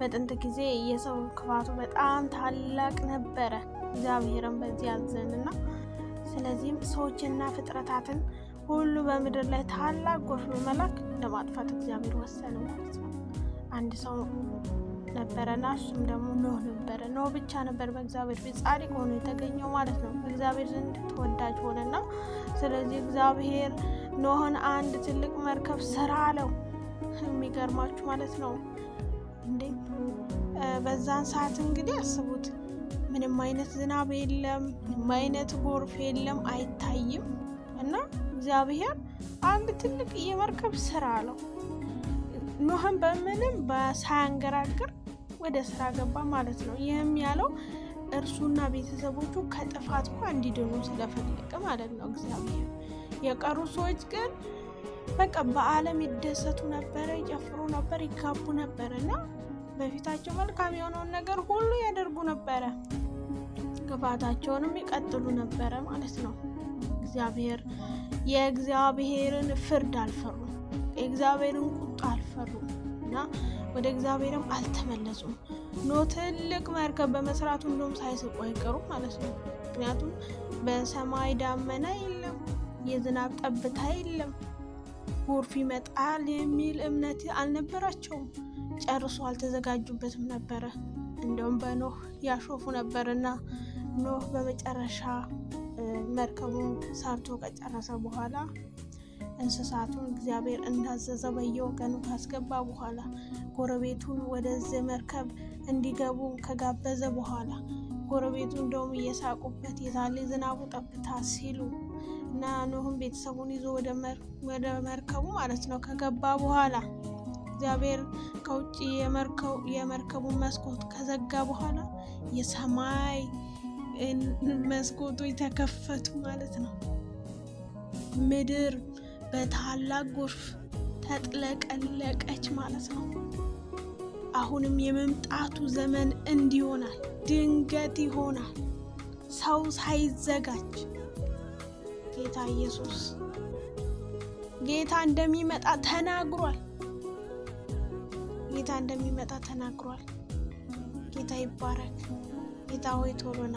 በጥንት ጊዜ የሰው ክፋቱ በጣም ታላቅ ነበረ፣ እግዚአብሔርን በዚህ ያዘንና ስለዚህም ሰዎችና ፍጥረታትን ሁሉ በምድር ላይ ታላቅ ጎርፍ በመላክ ለማጥፋት እግዚአብሔር ወሰነ ማለት ነው። አንድ ሰው ነበረና እሱም ደግሞ ኖህ ነበረ። ኖህ ብቻ ነበር በእግዚአብሔር ፊት ጻድቅ ሆኖ የተገኘው ማለት ነው። በእግዚአብሔር ዘንድ ተወዳጅ ሆነና ስለዚህ እግዚአብሔር ኖህን አንድ ትልቅ መርከብ ስራ አለው። የሚገርማችሁ ማለት ነው እንዴ በዛን ሰዓት እንግዲህ አስቡት። ምንም አይነት ዝናብ የለም፣ ምንም አይነት ጎርፍ የለም፣ አይታይም። እና እግዚአብሔር አንድ ትልቅ የመርከብ ስራ አለው። ኖህን በምንም ሳያንገራግር ወደ ስራ ገባ ማለት ነው። ይህም ያለው እርሱና ቤተሰቦቹ ከጥፋት እንኳ እንዲድኑ ስለፈለገ ማለት ነው እግዚአብሔር። የቀሩ ሰዎች ግን በቃ በዓለም ይደሰቱ ነበረ፣ ይጨፍሩ ነበር፣ ይጋቡ ነበር እና በፊታቸው መልካም የሆነውን ነገር ሁሉ ያደርጉ ነበረ። ግባታቸውንም ይቀጥሉ ነበረ ማለት ነው። እግዚአብሔር የእግዚአብሔርን ፍርድ አልፈሩ፣ የእግዚአብሔርን ቁጣ አልፈሩ እና ወደ እግዚአብሔርም አልተመለሱም። ኖ ትልቅ መርከብ በመስራቱ እንደውም ሳይስቁ አይቀሩም ማለት ነው። ምክንያቱም በሰማይ ዳመና የለም፣ የዝናብ ጠብታ የለም። ጎርፍ ይመጣል የሚል እምነት አልነበራቸውም። ጨርሶ አልተዘጋጁበትም ነበረ። እንደውም በኖህ ያሾፉ ነበርና ኖህ በመጨረሻ መርከቡን ሰርቶ ከጨረሰ በኋላ እንስሳቱን እግዚአብሔር እንዳዘዘ በየወገኑ ካስገባ በኋላ ጎረቤቱን ወደዚህ መርከብ እንዲገቡ ከጋበዘ በኋላ ጎረቤቱ እንደውም እየሳቁበት የዛሌ ዝናቡ ጠብታ ሲሉ እና ኖህም ቤተሰቡን ይዞ ወደ መርከቡ ማለት ነው ከገባ በኋላ እግዚአብሔር ከውጭ የመርከቡን መስኮት ከዘጋ በኋላ የሰማይ መስኮቶች የተከፈቱ ማለት ነው። ምድር በታላቅ ጎርፍ ተጥለቀለቀች ማለት ነው። አሁንም የመምጣቱ ዘመን እንዲሆናል ድንገት ይሆናል ሰው ሳይዘጋጅ ጌታ ኢየሱስ ጌታ እንደሚመጣ ተናግሯል። ጌታ እንደሚመጣ ተናግሯል። ጌታ ይባረክ። ጌታ ሆይ ቶሎና